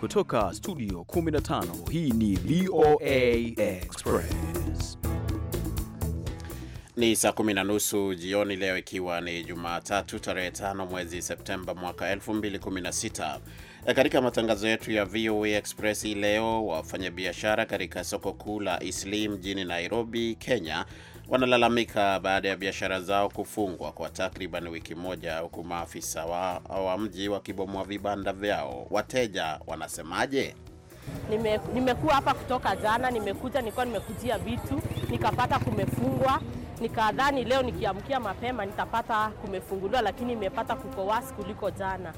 Kutoka studio 15 hii ni VOA Express. Ni saa kumi na nusu jioni leo, ikiwa ni Jumatatu tarehe 5 mwezi Septemba mwaka 2016. E, katika matangazo yetu ya VOA Express hii leo, wafanyabiashara katika soko kuu la Isli mjini Nairobi, Kenya wanalalamika baada ya biashara zao kufungwa kwa takriban wiki moja, huku maafisa wa, wa mji wakibomoa vibanda vyao. Wateja wanasemaje? Nimekuwa nime hapa kutoka jana, nimekuja nilikuwa nimekujia vitu nikapata kumefungwa, nikadhani leo nikiamkia mapema nitapata kumefunguliwa, lakini nimepata kuko wasi kuliko jana.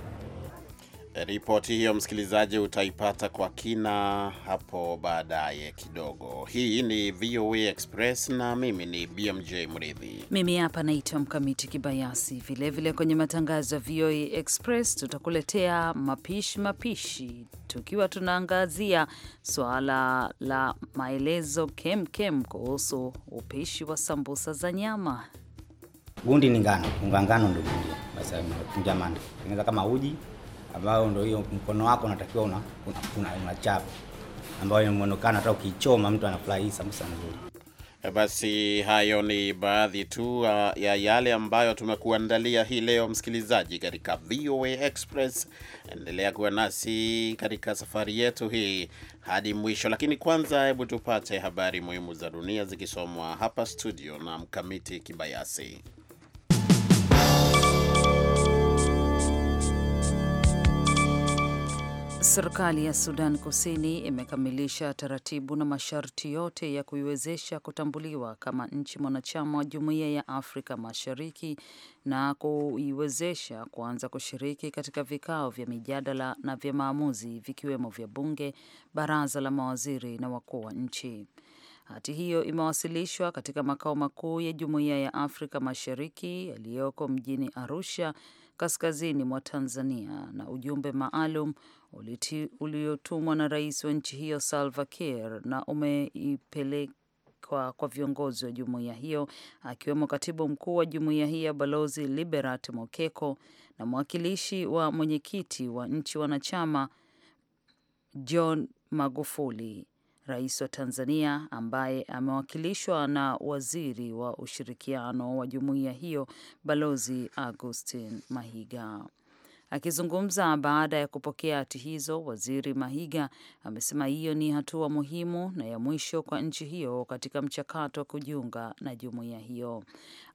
Ripoti hiyo msikilizaji, utaipata kwa kina hapo baadaye kidogo. Hii ni VOA Express na mimi ni BMJ Mridhi. Mimi hapa naitwa Mkamiti Kibayasi. Vilevile kwenye matangazo ya VOA Express tutakuletea mapishi mapishi, tukiwa tunaangazia suala la maelezo kemkem kuhusu upishi wa sambusa za nyama. Gundi ni ngano, unga ngano ndio gundi, basi kama uji ambayo ndio hiyo mkono wako unatakiwa una, una, una, una chapa ambayo inaonekana hata ukichoma mtu anafurahi sambusa nzuri. E, basi hayo ni baadhi tu uh, ya yale ambayo tumekuandalia hii leo, msikilizaji, katika VOA Express. Endelea kuwa nasi katika safari yetu hii hadi mwisho, lakini kwanza, hebu tupate habari muhimu za dunia zikisomwa hapa studio na Mkamiti Kibayasi. Serikali ya Sudan Kusini imekamilisha taratibu na masharti yote ya kuiwezesha kutambuliwa kama nchi mwanachama wa Jumuiya ya Afrika Mashariki na kuiwezesha kuanza kushiriki katika vikao vya mijadala na vya maamuzi vikiwemo vya bunge, baraza la mawaziri na wakuu wa nchi. Hati hiyo imewasilishwa katika makao makuu ya Jumuiya ya Afrika Mashariki yaliyoko mjini Arusha kaskazini mwa Tanzania na ujumbe maalum uliotumwa na rais wa nchi hiyo Salva Kiir na umeipeleka kwa, kwa viongozi wa jumuiya hiyo akiwemo katibu mkuu wa jumuiya hiyo Balozi Liberat Mokeko na mwakilishi wa mwenyekiti wa nchi wanachama John Magufuli rais wa Tanzania ambaye amewakilishwa na waziri wa ushirikiano wa jumuiya hiyo Balozi Augustin Mahiga. Akizungumza baada ya kupokea hati hizo, waziri Mahiga amesema hiyo ni hatua muhimu na ya mwisho kwa nchi hiyo katika mchakato wa kujiunga na jumuiya hiyo.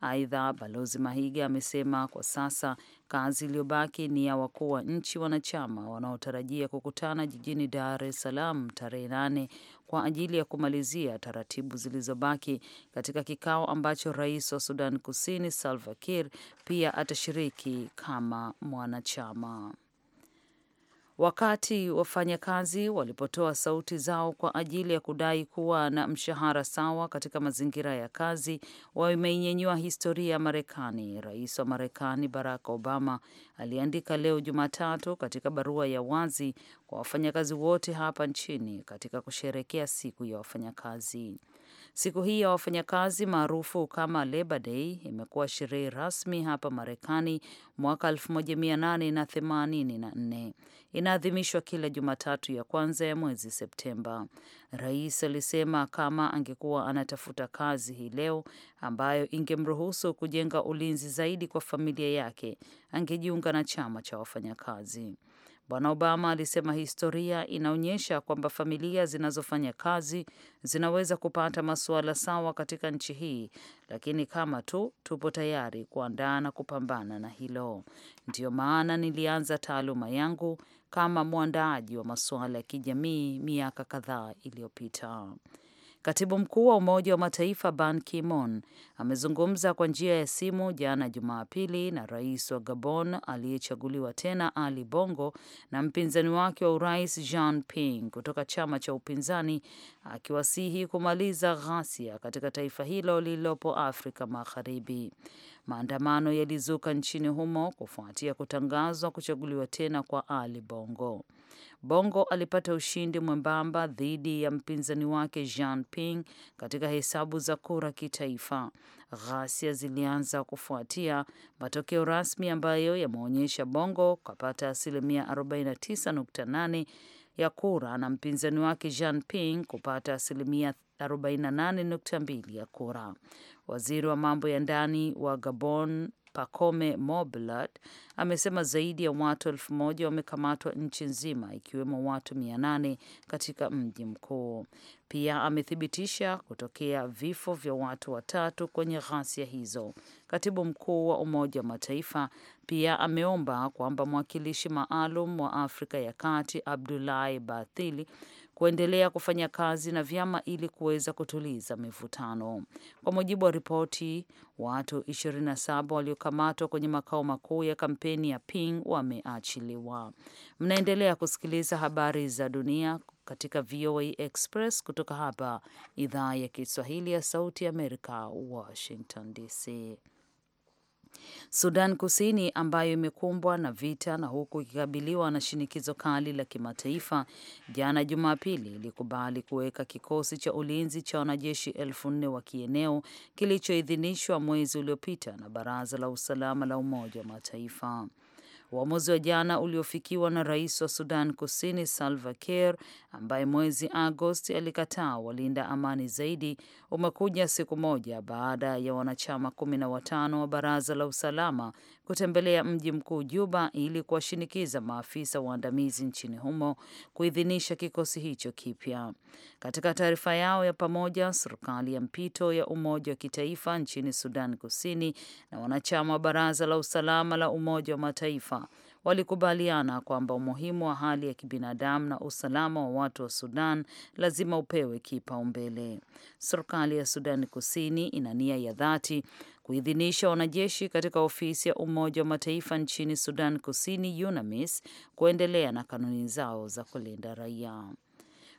Aidha, balozi Mahiga amesema kwa sasa kazi iliyobaki ni ya wakuu wa nchi wanachama wanaotarajia kukutana jijini Dar es Salaam tarehe nane kwa ajili ya kumalizia taratibu zilizobaki katika kikao ambacho rais wa Sudan Kusini Salva Kiir pia atashiriki kama mwanachama wakati wafanyakazi walipotoa sauti zao kwa ajili ya kudai kuwa na mshahara sawa katika mazingira ya kazi, wameinyenyua historia ya Marekani. Rais wa Marekani Barack Obama aliandika leo Jumatatu katika barua ya wazi kwa wafanyakazi wote hapa nchini katika kusherekea siku ya wafanyakazi. Siku hii ya wafanyakazi maarufu kama Labor Day imekuwa sherehe rasmi hapa Marekani mwaka 1884. Inaadhimishwa kila Jumatatu ya kwanza ya mwezi Septemba. Rais alisema kama angekuwa anatafuta kazi hii leo ambayo ingemruhusu kujenga ulinzi zaidi kwa familia yake, angejiunga na chama cha wafanyakazi. Bwana Obama alisema historia inaonyesha kwamba familia zinazofanya kazi zinaweza kupata masuala sawa katika nchi hii, lakini kama tu tupo tayari kuandaa na kupambana na hilo. Ndiyo maana nilianza taaluma yangu kama mwandaaji wa masuala ya kijamii miaka kadhaa iliyopita. Katibu mkuu wa Umoja wa Mataifa Ban Ki-moon amezungumza kwa njia ya simu jana Jumapili na rais wa Gabon aliyechaguliwa tena Ali Bongo na mpinzani wake wa urais Jean Ping kutoka chama cha upinzani akiwasihi kumaliza ghasia katika taifa hilo lililopo Afrika Magharibi. Maandamano yalizuka nchini humo kufuatia kutangazwa kuchaguliwa tena kwa Ali Bongo. Bongo alipata ushindi mwembamba dhidi ya mpinzani wake Jean Ping katika hesabu za kura kitaifa. Ghasia zilianza kufuatia matokeo rasmi ambayo yameonyesha Bongo kapata asilimia 49.8 ya kura na mpinzani wake Jean Ping kupata asilimia 48.2 ya kura. Waziri wa mambo ya ndani wa Gabon Pacome Moblat amesema zaidi ya watu elfu moja wamekamatwa nchi nzima ikiwemo watu mia nane katika mji mkuu. Pia amethibitisha kutokea vifo vya watu watatu kwenye ghasia hizo. Katibu mkuu wa Umoja wa Mataifa pia ameomba kwamba mwakilishi maalum wa Afrika ya Kati Abdulahi Bathili kuendelea kufanya kazi na vyama ili kuweza kutuliza mivutano. Kwa mujibu wa ripoti, watu 27 waliokamatwa kwenye makao makuu ya kampeni ya Ping wameachiliwa. Mnaendelea kusikiliza habari za dunia katika VOA Express kutoka hapa idhaa ya Kiswahili ya Sauti ya Amerika, Washington DC. Sudan Kusini ambayo imekumbwa na vita na huku ikikabiliwa na shinikizo kali la kimataifa, jana Jumapili ilikubali kuweka kikosi cha ulinzi cha wanajeshi elfu nne wa kieneo kilichoidhinishwa mwezi uliopita na Baraza la Usalama la Umoja wa Mataifa. Uamuzi wa jana uliofikiwa na rais wa Sudan Kusini Salva Kiir, ambaye mwezi Agosti alikataa walinda amani zaidi, umekuja siku moja baada ya wanachama kumi na watano wa Baraza la Usalama kutembelea mji mkuu Juba ili kuwashinikiza maafisa waandamizi nchini humo kuidhinisha kikosi hicho kipya. Katika taarifa yao ya pamoja, serikali ya mpito ya Umoja wa Kitaifa nchini Sudan Kusini na wanachama wa Baraza la Usalama la Umoja wa Mataifa walikubaliana kwamba umuhimu wa hali ya kibinadamu na usalama wa watu wa Sudan lazima upewe kipaumbele. Serikali ya Sudan Kusini ina nia ya dhati kuidhinisha wanajeshi katika ofisi ya Umoja wa Mataifa nchini Sudan Kusini, UNAMIS, kuendelea na kanuni zao za kulinda raia.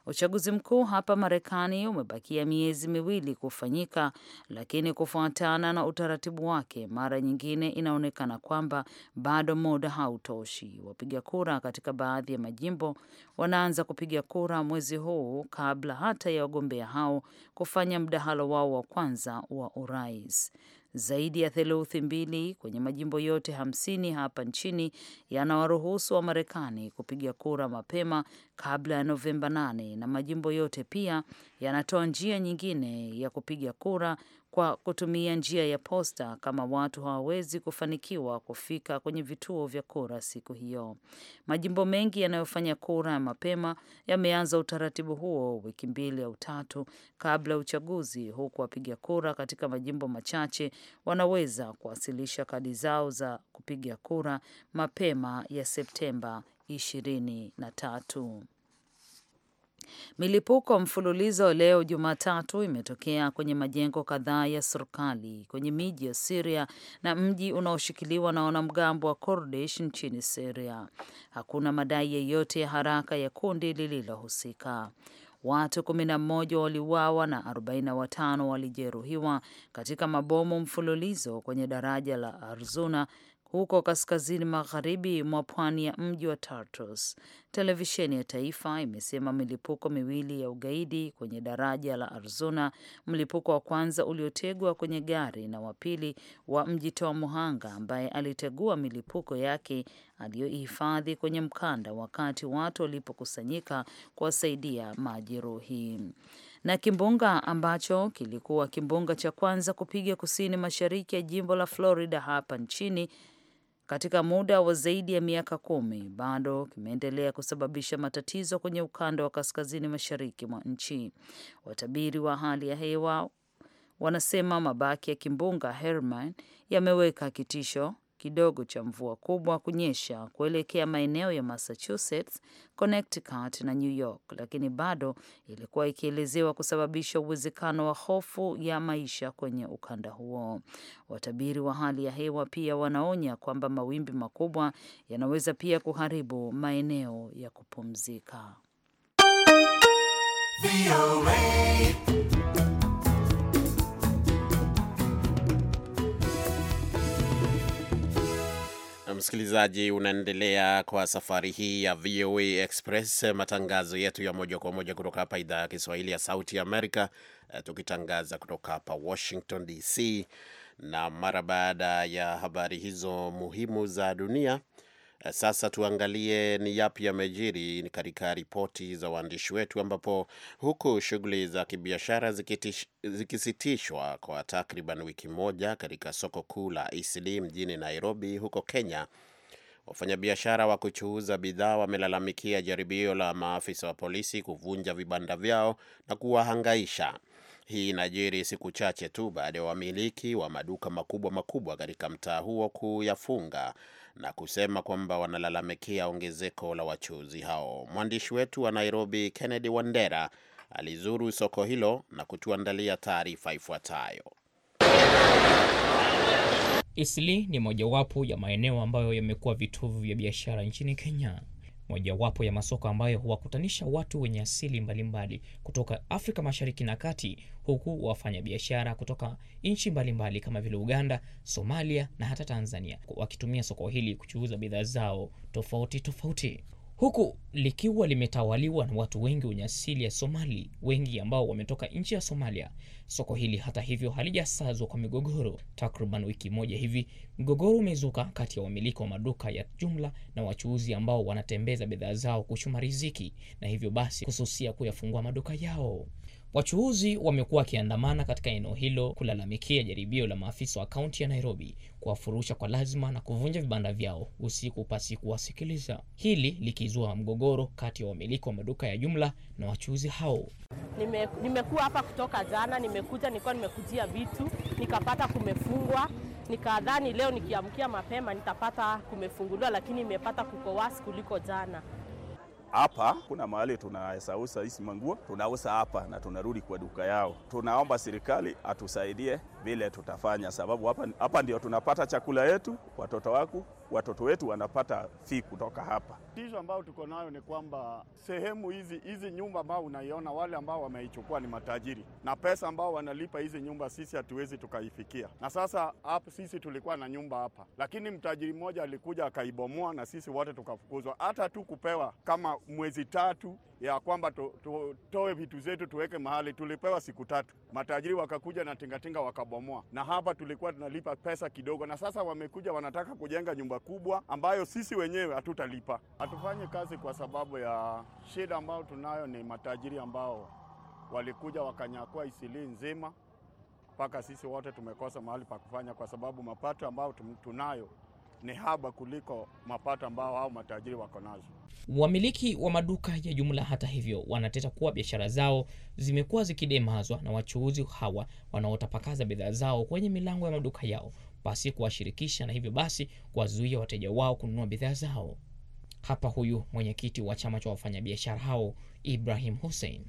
Uchaguzi mkuu hapa Marekani umebakia miezi miwili kufanyika, lakini kufuatana na utaratibu wake, mara nyingine inaonekana kwamba bado muda hautoshi. Wapiga kura katika baadhi ya majimbo wanaanza kupiga kura mwezi huu kabla hata ya wagombea hao kufanya mdahalo wao wa kwanza wa urais zaidi ya theluthi mbili kwenye majimbo yote hamsini hapa nchini yanawaruhusu wa Marekani kupiga kura mapema kabla ya Novemba 8 na majimbo yote pia yanatoa njia nyingine ya kupiga kura kwa kutumia njia ya posta kama watu hawawezi kufanikiwa kufika kwenye vituo vya kura siku hiyo. Majimbo mengi yanayofanya kura ya mapema yameanza utaratibu huo wiki mbili au tatu kabla ya uchaguzi, huku wapiga kura katika majimbo machache wanaweza kuwasilisha kadi zao za kupiga kura mapema ya Septemba ishirini na tatu. Milipuko mfululizo leo Jumatatu imetokea kwenye majengo kadhaa ya serikali kwenye miji ya Siria na mji unaoshikiliwa na wanamgambo wa Kurdish nchini Siria. Hakuna madai yeyote ya haraka ya kundi lililohusika. Watu mmoja waliuawa na watano walijeruhiwa katika mabomu mfululizo kwenye daraja la Arzuna huko kaskazini magharibi mwa pwani ya mji wa Tartus. Televisheni ya taifa imesema milipuko miwili ya ugaidi kwenye daraja la Arzuna, mlipuko wa kwanza uliotegwa kwenye gari na wa pili wa mjitoa muhanga ambaye alitegua milipuko yake aliyoihifadhi kwenye mkanda wakati watu walipokusanyika kuwasaidia majeruhi na kimbunga ambacho kilikuwa kimbunga cha kwanza kupiga kusini mashariki ya jimbo la Florida hapa nchini katika muda wa zaidi ya miaka kumi bado kimeendelea kusababisha matatizo kwenye ukanda wa kaskazini mashariki mwa nchi. Watabiri wa hali ya hewa wanasema mabaki ya kimbunga Herman yameweka kitisho kidogo cha mvua kubwa kunyesha kuelekea maeneo ya Massachusetts, Connecticut na New York, lakini bado ilikuwa ikielezewa kusababisha uwezekano wa hofu ya maisha kwenye ukanda huo. Watabiri wa hali ya hewa pia wanaonya kwamba mawimbi makubwa yanaweza pia kuharibu maeneo ya kupumzika. Msikilizaji, unaendelea kwa safari hii ya VOA Express, matangazo yetu ya moja kwa moja kutoka hapa idhaa ya Kiswahili ya Sauti Amerika, eh, tukitangaza kutoka hapa Washington DC. Na mara baada ya habari hizo muhimu za dunia, sasa tuangalie ni yapi yamejiri katika ripoti za waandishi wetu, ambapo huku shughuli za kibiashara zikisitishwa kwa takriban wiki moja katika soko kuu la Eastleigh mjini Nairobi huko Kenya, wafanyabiashara wa kuchuuza bidhaa wamelalamikia jaribio la maafisa wa polisi kuvunja vibanda vyao na kuwahangaisha. Hii inajiri siku chache tu baada ya wamiliki wa maduka makubwa makubwa katika mtaa huo kuyafunga na kusema kwamba wanalalamikia ongezeko la wachuuzi hao. Mwandishi wetu wa Nairobi, Kennedy Wandera, alizuru soko hilo na kutuandalia taarifa ifuatayo. isli ni mojawapo ya maeneo ambayo yamekuwa vitovu vya biashara nchini Kenya mojawapo ya masoko ambayo huwakutanisha watu wenye asili mbalimbali mbali kutoka Afrika Mashariki na Kati, huku wafanyabiashara kutoka nchi mbalimbali kama vile Uganda, Somalia na hata Tanzania wakitumia soko hili kuchuuza bidhaa zao tofauti tofauti huku likiwa limetawaliwa na watu wengi wenye asili ya Somali, wengi ambao wametoka nchi ya Somalia. Soko hili hata hivyo halijasazwa kwa migogoro. Takriban wiki moja hivi, mgogoro umezuka kati ya wamiliki wa maduka ya jumla na wachuuzi ambao wanatembeza bidhaa zao kuchuma riziki, na hivyo basi kususia kuyafungua maduka yao. Wachuuzi wamekuwa wakiandamana katika eneo hilo kulalamikia jaribio la maafisa wa kaunti ya Nairobi kuwafurusha kwa lazima na kuvunja vibanda vyao usiku pasi kuwasikiliza, hili likizua mgogoro kati ya wamiliki wa maduka ya jumla na wachuuzi hao. Nime, nimekuwa hapa kutoka jana, nimekuja nilikuwa nimekujia vitu nikapata kumefungwa, nikadhani leo nikiamkia mapema nitapata kumefunguliwa, lakini nimepata kuko wasi kuliko jana hapa. Kuna mahali tunasausa hizi manguo tunausa hapa na tunarudi kwa duka yao. Tunaomba serikali atusaidie vile tutafanya, sababu hapa, hapa ndio tunapata chakula yetu, watoto waku watoto wetu wanapata fi kutoka hapa. tizo ambayo tuko nayo ni kwamba sehemu hizi hizi nyumba ambao unaiona wale ambao wameichukua ni matajiri, na pesa ambao wanalipa hizi nyumba sisi hatuwezi tukaifikia. Na sasa hapa sisi tulikuwa na nyumba hapa, lakini mtajiri mmoja alikuja akaibomoa, na sisi wote tukafukuzwa. Hata tu kupewa kama mwezi tatu ya kwamba tutoe to, vitu zetu tuweke mahali, tulipewa siku tatu, matajiri wakakuja na tingatinga wakabomoa kubomoa, na hapa tulikuwa tunalipa pesa kidogo, na sasa wamekuja wanataka kujenga nyumba kubwa ambayo sisi wenyewe hatutalipa. Hatufanye kazi kwa sababu ya shida ambayo tunayo, ni matajiri ambao walikuja wakanyakua Isilii nzima mpaka sisi wote tumekosa mahali pa kufanya, kwa sababu mapato ambayo tunayo ni haba kuliko mapato ambao hao matajiri wako nazo. Wamiliki wa maduka ya jumla, hata hivyo, wanateta kuwa biashara zao zimekuwa zikidemazwa na wachuuzi hawa wanaotapakaza bidhaa zao kwenye milango ya maduka yao pasi kuwashirikisha, na hivyo basi kuwazuia wateja wao kununua bidhaa zao. Hapa huyu mwenyekiti wa chama cha wafanyabiashara hao Ibrahim Hussein.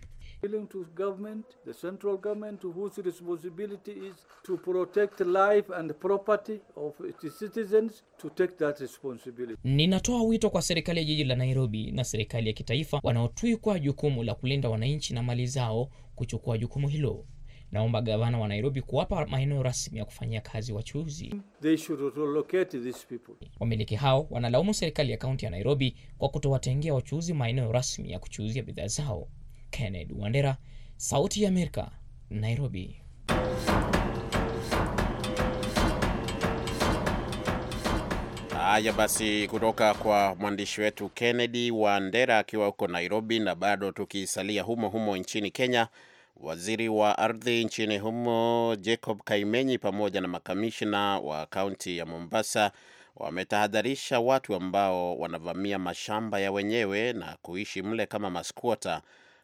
Ninatoa wito kwa serikali ya jiji la Nairobi na serikali ya kitaifa wanaotwikwa jukumu la kulinda wananchi na mali zao kuchukua jukumu hilo. Naomba gavana wa Nairobi kuwapa maeneo rasmi ya kufanyia kazi wachuuzi. Wamiliki hao wanalaumu serikali ya kaunti ya Nairobi kwa kutowatengea wachuuzi maeneo rasmi ya kuchuuzia bidhaa zao. Kennedy Wandera, Sauti ya Amerika, Nairobi. Haya basi, kutoka kwa mwandishi wetu Kennedy Wandera akiwa huko Nairobi. Na bado tukisalia humo humo nchini Kenya, waziri wa ardhi nchini humo Jacob Kaimenyi pamoja na makamishna wa kaunti ya Mombasa wametahadharisha watu ambao wanavamia mashamba ya wenyewe na kuishi mle kama maskwota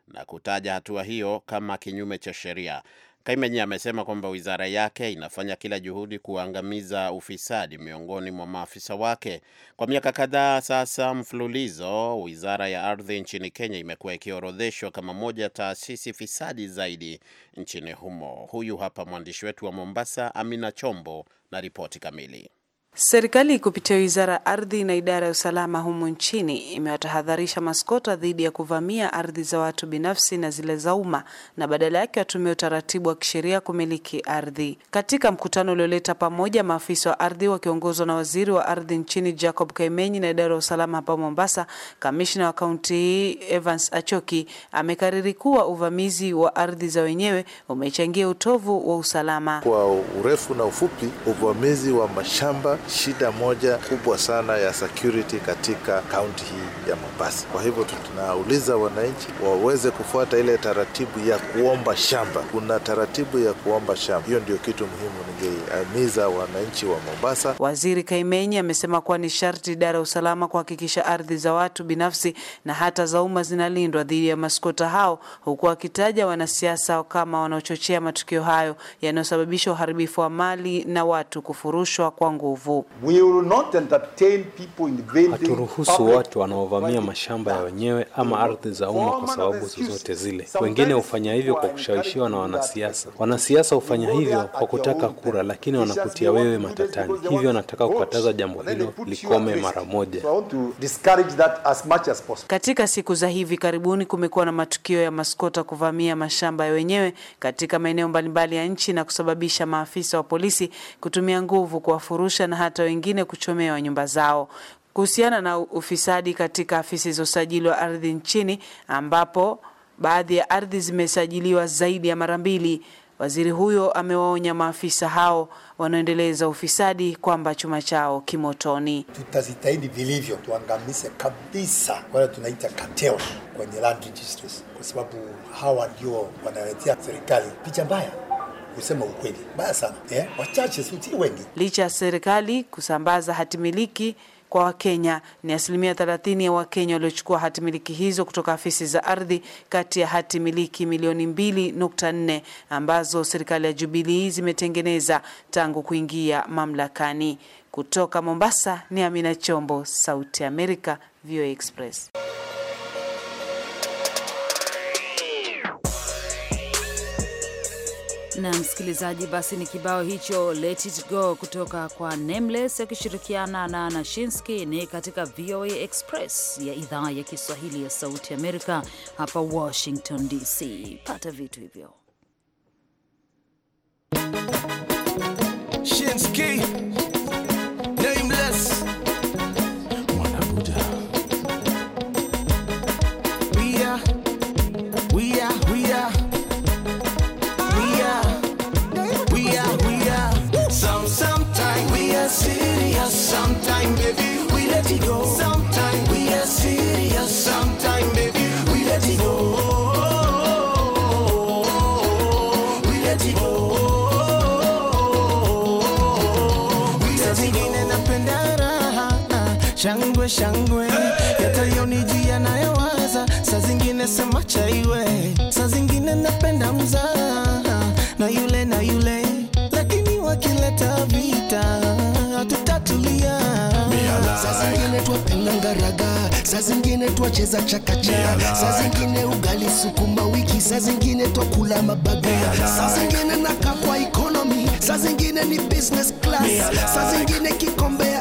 na kutaja hatua hiyo kama kinyume cha sheria. Kaimenyi amesema kwamba wizara yake inafanya kila juhudi kuangamiza ufisadi miongoni mwa maafisa wake. Kwa miaka kadhaa sasa mfululizo, wizara ya ardhi nchini Kenya imekuwa ikiorodheshwa kama moja ya taasisi fisadi zaidi nchini humo. Huyu hapa mwandishi wetu wa Mombasa, Amina Chombo, na ripoti kamili. Serikali kupitia wizara ya ardhi na idara ya usalama humu nchini imewatahadharisha maskota dhidi ya kuvamia ardhi za watu binafsi na zile za umma na badala yake watumie utaratibu wa kisheria kumiliki ardhi. Katika mkutano ulioleta pamoja maafisa wa ardhi wakiongozwa na waziri wa ardhi nchini Jacob Kaimenyi na idara ya usalama hapa Mombasa, kamishna wa kaunti hii Evans Achoki amekariri kuwa uvamizi wa ardhi za wenyewe umechangia utovu wa usalama. Kwa urefu na ufupi, uvamizi wa mashamba shida moja kubwa sana ya security katika kaunti hii ya Mombasa. Kwa hivyo tunauliza wananchi waweze kufuata ile taratibu ya kuomba shamba. Kuna taratibu ya kuomba shamba, hiyo ndio kitu muhimu ningeihimiza wananchi wa Mombasa. Waziri Kaimenyi amesema kuwa ni sharti idara ya usalama kuhakikisha ardhi za watu binafsi na hata za umma zinalindwa dhidi ya maskota hao, huku akitaja wanasiasa kama wanaochochea matukio hayo yanayosababisha uharibifu wa mali na watu kufurushwa kwa nguvu maovu. Haturuhusu watu wanaovamia mashamba ya wenyewe ama ardhi za umma kwa sababu zozote zile. Wengine hufanya hivyo kwa kushawishiwa na wanasiasa. Wanasiasa hufanya hivyo kwa kutaka kura, lakini wanakutia wewe matatani. Hivyo nataka kukataza jambo hilo likome mara moja. Katika siku za hivi karibuni kumekuwa na matukio ya maskota kuvamia mashamba ya wenyewe katika maeneo mbalimbali ya nchi na kusababisha maafisa wa polisi kutumia nguvu kuwafurusha na hata wengine kuchomewa nyumba zao. Kuhusiana na ufisadi katika afisi za usajili wa ardhi nchini, ambapo baadhi ya ardhi zimesajiliwa zaidi ya mara mbili, waziri huyo amewaonya maafisa hao wanaoendeleza ufisadi kwamba chuma chao kimotoni. Tutazitahidi vilivyo tuangamize kabisa wale tunaita cartel kwenye land registries, kwa sababu hawa ndio wanaletea serikali picha mbaya kusema ukweli baya sana eh, wachache si wengi. Licha ya serikali kusambaza hatimiliki kwa Wakenya, ni asilimia 30 ya Wakenya waliochukua hatimiliki hizo kutoka afisi za ardhi, kati ya hatimiliki milioni 2.4 ambazo serikali ya jubilii zimetengeneza tangu kuingia mamlakani. Kutoka Mombasa ni Amina Chombo, Sauti ya Amerika, VOA Express. na msikilizaji, basi ni kibao hicho Let It Go kutoka kwa Nameless akishirikiana na Nashinski ni katika VOA Express ya idhaa ya Kiswahili ya Sauti Amerika hapa Washington DC. Pata vitu hivyo Shinsky. shangwe shangwe, yatayonijia nayowaza, sa zingine sema chaiwe, sa zingine napenda mzaa na yule na yule, lakini wakileta vita hatutatulia. sa zingine twapenda ngaraga, sa zingine twacheza chakacha, sa zingine ugali sukuma wiki, sa zingine twakula mabaga, sa zingine nakakwa ekonomi sa zingine ni business class, sa zingine kikombe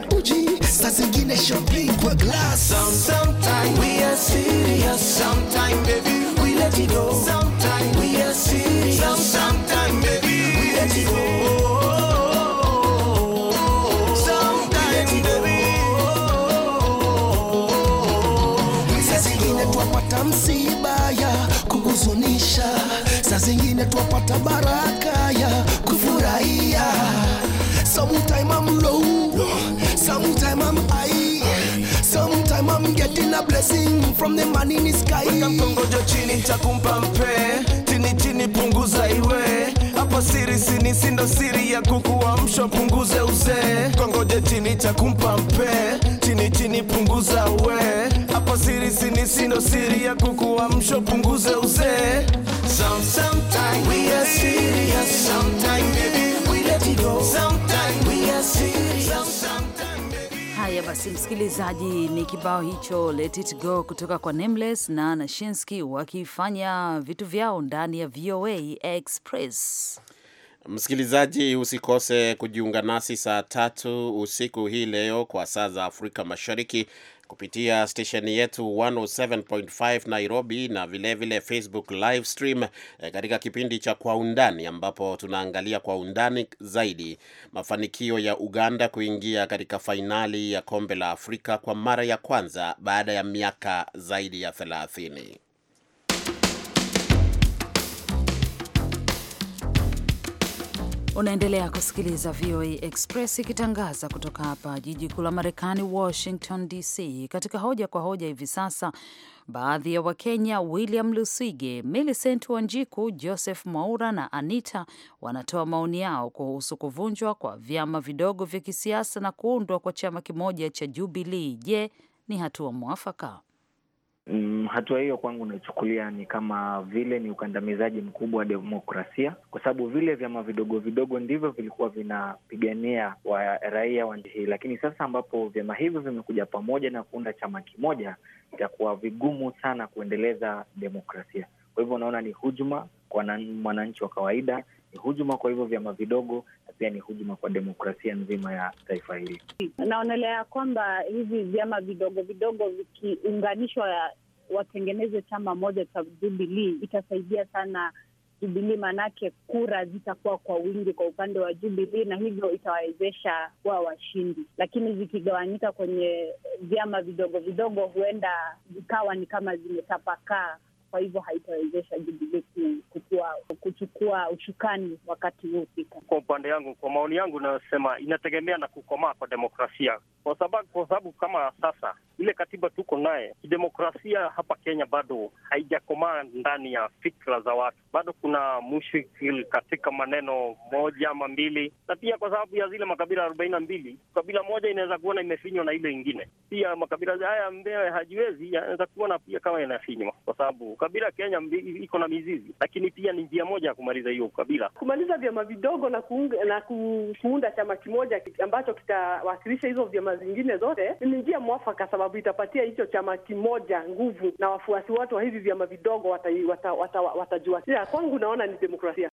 zingine shopping kwa glass. Some, sometime we are serious, sometime baby we let it go. Sometime we are serious, Some, sometime baby we let it go. Twapata kuhuzunisha, saa zingine twapata baraka been a blessing from the man in the sky. Weka mkongojo chini nitakumpa mpe, chini chini punguza iwe hapo siri sini sindo siri ya kukuamsha punguze uzee kongoje chini cha kumpa mpe chini chini punguza we hapo siri sini sindo siri ya kukuamsha punguze uzee sometimes we are serious sometimes maybe we let it go sometimes we are serious sometimes Haya basi, msikilizaji, ni kibao hicho Let It Go kutoka kwa Nameless na Nashinski wakifanya vitu vyao ndani ya VOA Express. Msikilizaji, usikose kujiunga nasi saa tatu usiku hii leo kwa saa za Afrika Mashariki kupitia stesheni yetu 107.5 Nairobi na vilevile vile Facebook live stream eh, katika kipindi cha Kwa Undani, ambapo tunaangalia kwa undani zaidi mafanikio ya Uganda kuingia katika fainali ya kombe la Afrika kwa mara ya kwanza baada ya miaka zaidi ya 30. Unaendelea kusikiliza VOA Express ikitangaza kutoka hapa jiji kuu la Marekani, Washington DC. Katika hoja kwa hoja hivi sasa, baadhi ya Wakenya William Lusige, Millicent Wanjiku, Joseph Mwaura na Anita wanatoa maoni yao kuhusu kuvunjwa kwa vyama vidogo vya kisiasa na kuundwa kwa chama kimoja cha Jubilee. Je, ni hatua mwafaka? Mm, hatua hiyo kwangu naichukulia ni kama vile ni ukandamizaji mkubwa wa demokrasia, kwa sababu vile vyama vidogo vidogo ndivyo vilikuwa vinapigania wa raia wa nchi hii, lakini sasa ambapo vyama hivyo vimekuja pamoja na kuunda chama kimoja, itakuwa vigumu sana kuendeleza demokrasia. Kwa hivyo, unaona ni hujuma kwa mwananchi wa kawaida ni hujuma kwa hivyo vyama vidogo na pia ni hujuma kwa demokrasia nzima ya taifa hili. Naonelea kwamba hivi vyama vidogo vidogo vikiunganishwa watengeneze chama moja cha Jubilii itasaidia sana Jubilii, maanake kura zitakuwa kwa wingi kwa upande wa Jubilii na hivyo itawawezesha kuwa washindi, lakini zikigawanyika kwenye vyama vidogo vidogo, huenda zikawa ni kama zimetapakaa kwa hivyo haitawezesha Jubilee kuchukua ushukani wakati uliofika. Kwa upande yangu, kwa maoni yangu, nasema inategemea na kukomaa kwa demokrasia, kwa sababu kwa sababu kama sasa ile katiba tuko naye kidemokrasia hapa Kenya bado haijakomaa ndani ya fikra za watu, bado kuna mushkil katika maneno moja ama mbili, na pia kwa sababu ya zile makabila arobaini na mbili, kabila moja inaweza kuona imefinywa na ile ingine. Pia makabila haya mbee hajiwezi yanaweza kuona pia kama inafinywa kwa sababu Ukabila Kenya iko na mizizi, lakini pia ni njia moja ya kumaliza hiyo ukabila, kumaliza vyama vidogo na kuunga, na kuunda chama kimoja ambacho kitawakilisha hizo vyama zingine zote, ni njia mwafaka, sababu itapatia hicho chama kimoja nguvu na wafuasi wote wa hivi vyama vidogo watajiwatia wata, wata, wata, wata. Kwangu naona ni demokrasia.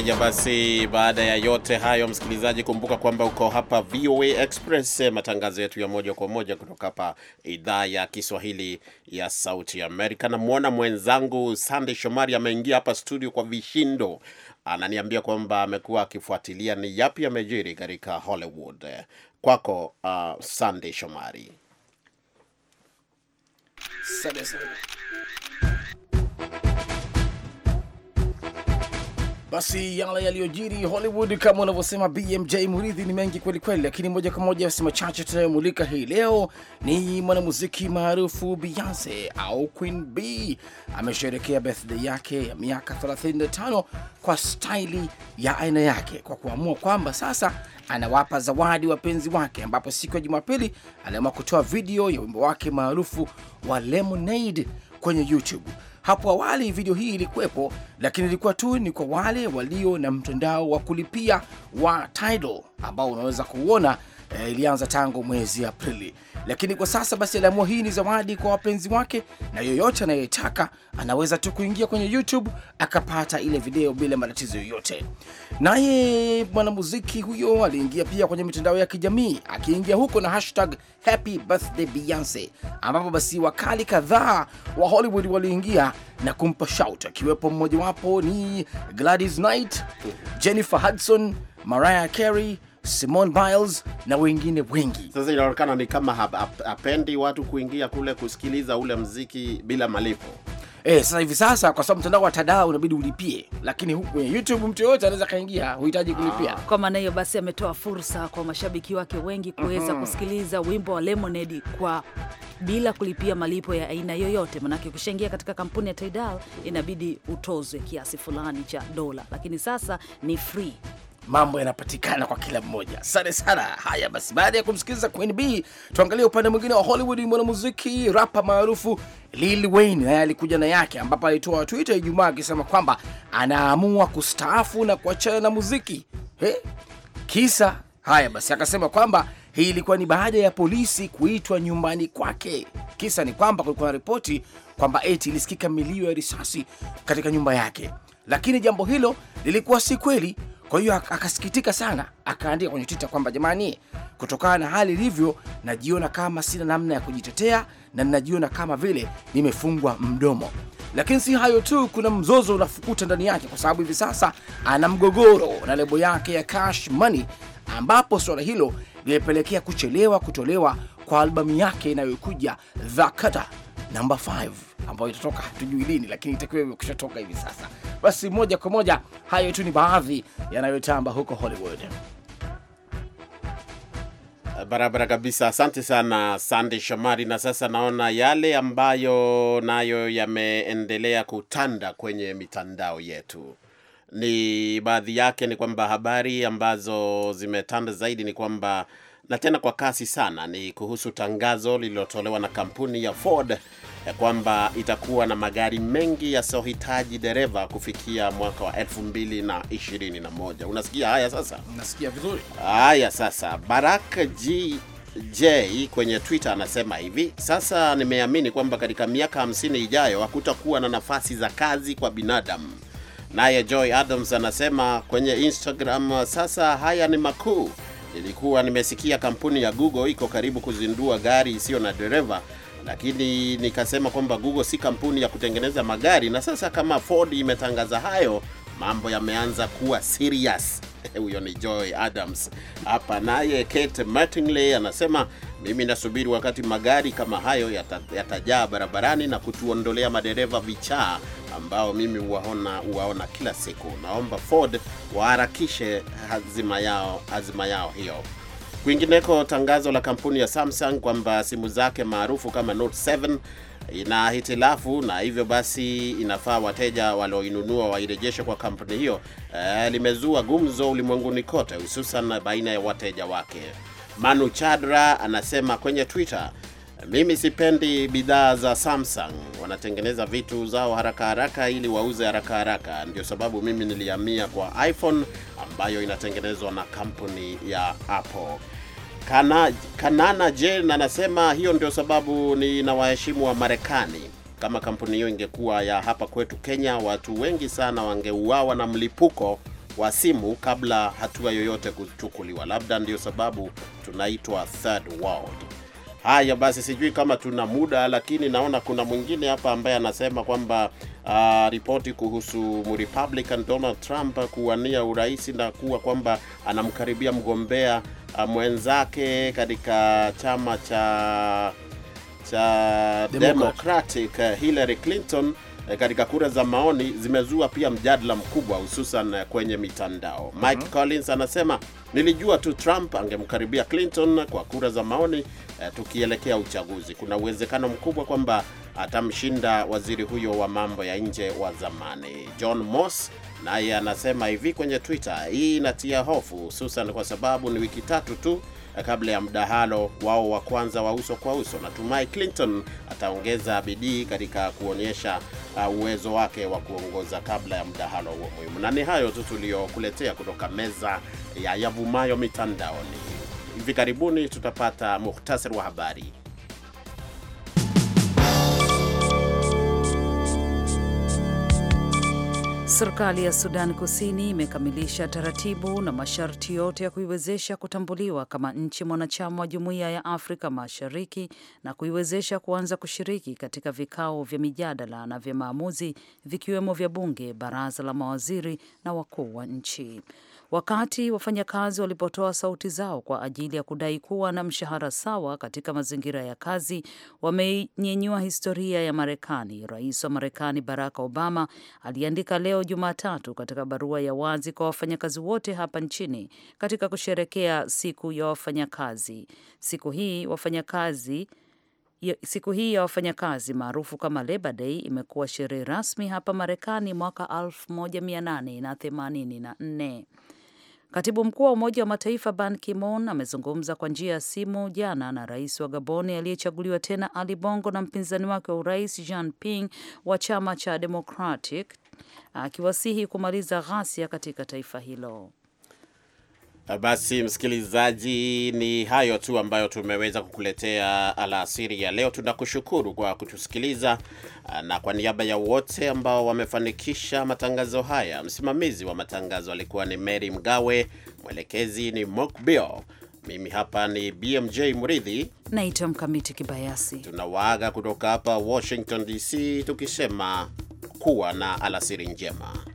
Haya basi, baada ya yote hayo, msikilizaji, kumbuka kwamba uko hapa VOA Express, eh, matangazo yetu ya moja kwa moja kutoka hapa idhaa ya Kiswahili ya Sauti Amerika. Namwona mwenzangu Sandey Shomari ameingia hapa studio kwa vishindo, ananiambia kwamba amekuwa akifuatilia ni yapi yamejiri katika Hollywood. Kwako uh, Sandey Shomari. Basi yale yaliyojiri Hollywood kama unavyosema BMJ Muridhi ni mengi kweli kweli, lakini moja kwa moja si machache tunayomulika hii leo ni mwanamuziki maarufu Beyonce au Queen B amesherekea birthday yake ya miaka 35 kwa staili ya aina yake kwa kuamua kwamba sasa anawapa zawadi wapenzi wake, ambapo siku ya Jumapili aliamua kutoa video ya wimbo wake maarufu wa Lemonade kwenye YouTube hapo awali video hii ilikuwepo, lakini ilikuwa tu ni kwa wale walio na mtandao wa kulipia wa Tidal ambao unaweza kuuona e, ilianza tangu mwezi Aprili, lakini kwa sasa basi aliamua hii ni zawadi kwa wapenzi wake, na yoyote anayetaka anaweza tu kuingia kwenye YouTube akapata ile video bila matatizo yoyote. Naye mwanamuziki huyo aliingia pia kwenye mitandao ya kijamii akiingia huko na hashtag happy birthday Beyonce, ambapo basi wakali kadhaa wa Hollywood waliingia na kumpa shout, akiwepo mmojawapo ni Gladys Knight, Jennifer Hudson, Mariah Carey Simone Biles na wengine wengi. Sasa inaonekana ni kama hapendi watu kuingia kule kusikiliza ule mziki bila malipo. E, sasa hivi sasa kwa sababu mtandao wa Tadaa unabidi ulipie, lakini huku kwenye eh, YouTube mtu yoyote anaweza kaingia, huhitaji kulipia. Kwa maana hiyo basi ametoa fursa kwa mashabiki wake wengi kuweza mm -hmm. kusikiliza wimbo wa Lemonade kwa bila kulipia malipo ya aina yoyote, manake kushaingia katika kampuni ya Tidal inabidi utozwe kiasi fulani cha dola, lakini sasa ni free mambo yanapatikana kwa kila mmoja. Asante sana. Haya basi, baada ya kumsikiliza Queen B, tuangalie upande mwingine wa Hollywood. Mwanamuziki rapa maarufu Lil Wayne naye alikuja na yake, ambapo alitoa Twitter Ijumaa akisema kwamba anaamua kustaafu na kuachana na muziki He? Kisa haya basi, akasema kwamba hii ilikuwa ni baada ya polisi kuitwa nyumbani kwake. Kisa ni kwamba kulikuwa na ripoti kwamba eti ilisikika milio ya risasi katika nyumba yake, lakini jambo hilo lilikuwa si kweli, kwa hiyo akasikitika sana, akaandika kwenye Twitter kwamba jamani, kutokana na hali ilivyo, najiona kama sina namna ya kujitetea na ninajiona kama vile nimefungwa mdomo. Lakini si hayo tu, kuna mzozo unafukuta ndani yake, kwa sababu hivi sasa ana mgogoro na lebo yake ya Cash Money, ambapo suala hilo limepelekea kuchelewa kutolewa kwa albamu yake inayokuja The Cutter namba 5 ambayo itatoka hatujui lini, lakini itakiwa imekushatoka hivi sasa. Basi moja kwa moja, hayo tu ni baadhi yanayotamba huko Hollywood. Eh, barabara kabisa. Asante sana Sande Shomari. Na sasa naona yale ambayo nayo yameendelea kutanda kwenye mitandao yetu, ni baadhi yake ni kwamba habari ambazo zimetanda zaidi ni kwamba na tena kwa kasi sana. Ni kuhusu tangazo lililotolewa na kampuni ya Ford eh, kwamba itakuwa na magari mengi yasiyohitaji dereva kufikia mwaka wa 2021. Unasikia haya sasa? Unasikia vizuri. Haya sasa, Baraka G J kwenye Twitter anasema hivi: sasa nimeamini kwamba katika miaka 50 ijayo hakutakuwa na nafasi za kazi kwa binadamu. Naye Joy Adams anasema kwenye Instagram, sasa haya ni makuu Nilikuwa nimesikia kampuni ya Google iko karibu kuzindua gari isiyo na dereva, lakini nikasema kwamba Google si kampuni ya kutengeneza magari, na sasa kama Ford imetangaza hayo, mambo yameanza kuwa serious. Huyo ni Joy Adams hapa. Naye Kate Martinley anasema mimi nasubiri wakati magari kama hayo yatajaa yata barabarani na kutuondolea madereva vichaa ambao mimi uwaona, uwaona kila siku. Naomba Ford waharakishe azima yao, azima yao hiyo. Kwingineko, tangazo la kampuni ya Samsung kwamba simu zake maarufu kama Note 7 ina hitilafu na hivyo basi inafaa wateja walioinunua wairejeshe kwa kampuni hiyo, eh, limezua gumzo ulimwenguni kote, hususan baina ya wateja wake. Manu Chadra anasema kwenye Twitter, mimi sipendi bidhaa za Samsung. Wanatengeneza vitu zao haraka haraka ili wauze haraka haraka, ndio sababu mimi nilihamia kwa iPhone ambayo inatengenezwa na kampuni ya Apple. Kana, Kanana Jane anasema hiyo ndio sababu ninawaheshimu wa Marekani. Kama kampuni hiyo ingekuwa ya hapa kwetu Kenya, watu wengi sana wangeuawa na mlipuko wa simu kabla hatua yoyote kuchukuliwa. Labda ndiyo sababu tunaitwa third world. Haya basi, sijui kama tuna muda, lakini naona kuna mwingine hapa ambaye anasema kwamba uh, ripoti kuhusu Republican Donald Trump kuwania urais na kuwa kwamba anamkaribia mgombea uh, mwenzake katika chama cha cha Democratic, Democratic Hillary Clinton Eh, katika kura za maoni zimezua pia mjadala mkubwa, hususan eh, kwenye mitandao. Mhm. Mike mm -hmm. Collins anasema nilijua tu Trump angemkaribia Clinton kwa kura za maoni. Eh, tukielekea uchaguzi, kuna uwezekano mkubwa kwamba atamshinda waziri huyo wa mambo ya nje wa zamani. John Moss naye anasema hivi kwenye Twitter, hii inatia hofu, hususan kwa sababu ni wiki tatu tu Eh, kabla ya mdahalo wao wa kwanza wa uso kwa uso. Natumai Clinton ataongeza bidii katika kuonyesha uh, uwezo wake wa kuongoza kabla ya mdahalo huo muhimu. Na ni hayo tu tuliyokuletea kutoka meza ya yavumayo mitandaoni. Hivi karibuni tutapata muhtasari wa habari. Serikali ya Sudan Kusini imekamilisha taratibu na masharti yote ya kuiwezesha kutambuliwa kama nchi mwanachama wa Jumuiya ya Afrika Mashariki na kuiwezesha kuanza kushiriki katika vikao vya mijadala na vya maamuzi vikiwemo vya bunge, baraza la mawaziri na wakuu wa nchi wakati wafanyakazi walipotoa sauti zao kwa ajili ya kudai kuwa na mshahara sawa katika mazingira ya kazi, wamenyenyua historia ya Marekani. Rais wa Marekani Barack Obama aliandika leo Jumatatu katika barua ya wazi kwa wafanyakazi wote hapa nchini katika kusherekea siku ya wafanyakazi. Siku hii wafanyakazi siku hii ya wafanyakazi maarufu kama Labor Day imekuwa sherehe rasmi hapa Marekani mwaka 1884. Katibu mkuu wa Umoja wa Mataifa Ban Kimon amezungumza kwa njia ya simu jana na rais wa Gaboni aliyechaguliwa tena Ali Bongo na mpinzani wake wa urais Jean Ping wa chama cha Democratic akiwasihi kumaliza ghasia katika taifa hilo. Ah, basi msikilizaji, ni hayo tu ambayo tumeweza kukuletea alasiri ya leo. Tunakushukuru kwa kutusikiliza, ah, na kwa niaba ya wote ambao wamefanikisha matangazo haya, msimamizi wa matangazo alikuwa ni Mary Mgawe, mwelekezi ni Mokbio, mimi hapa ni BMJ Mridhi, naitwa Mkamiti Kibayasi. Tunawaaga kutoka hapa Washington DC tukisema kuwa na alasiri njema.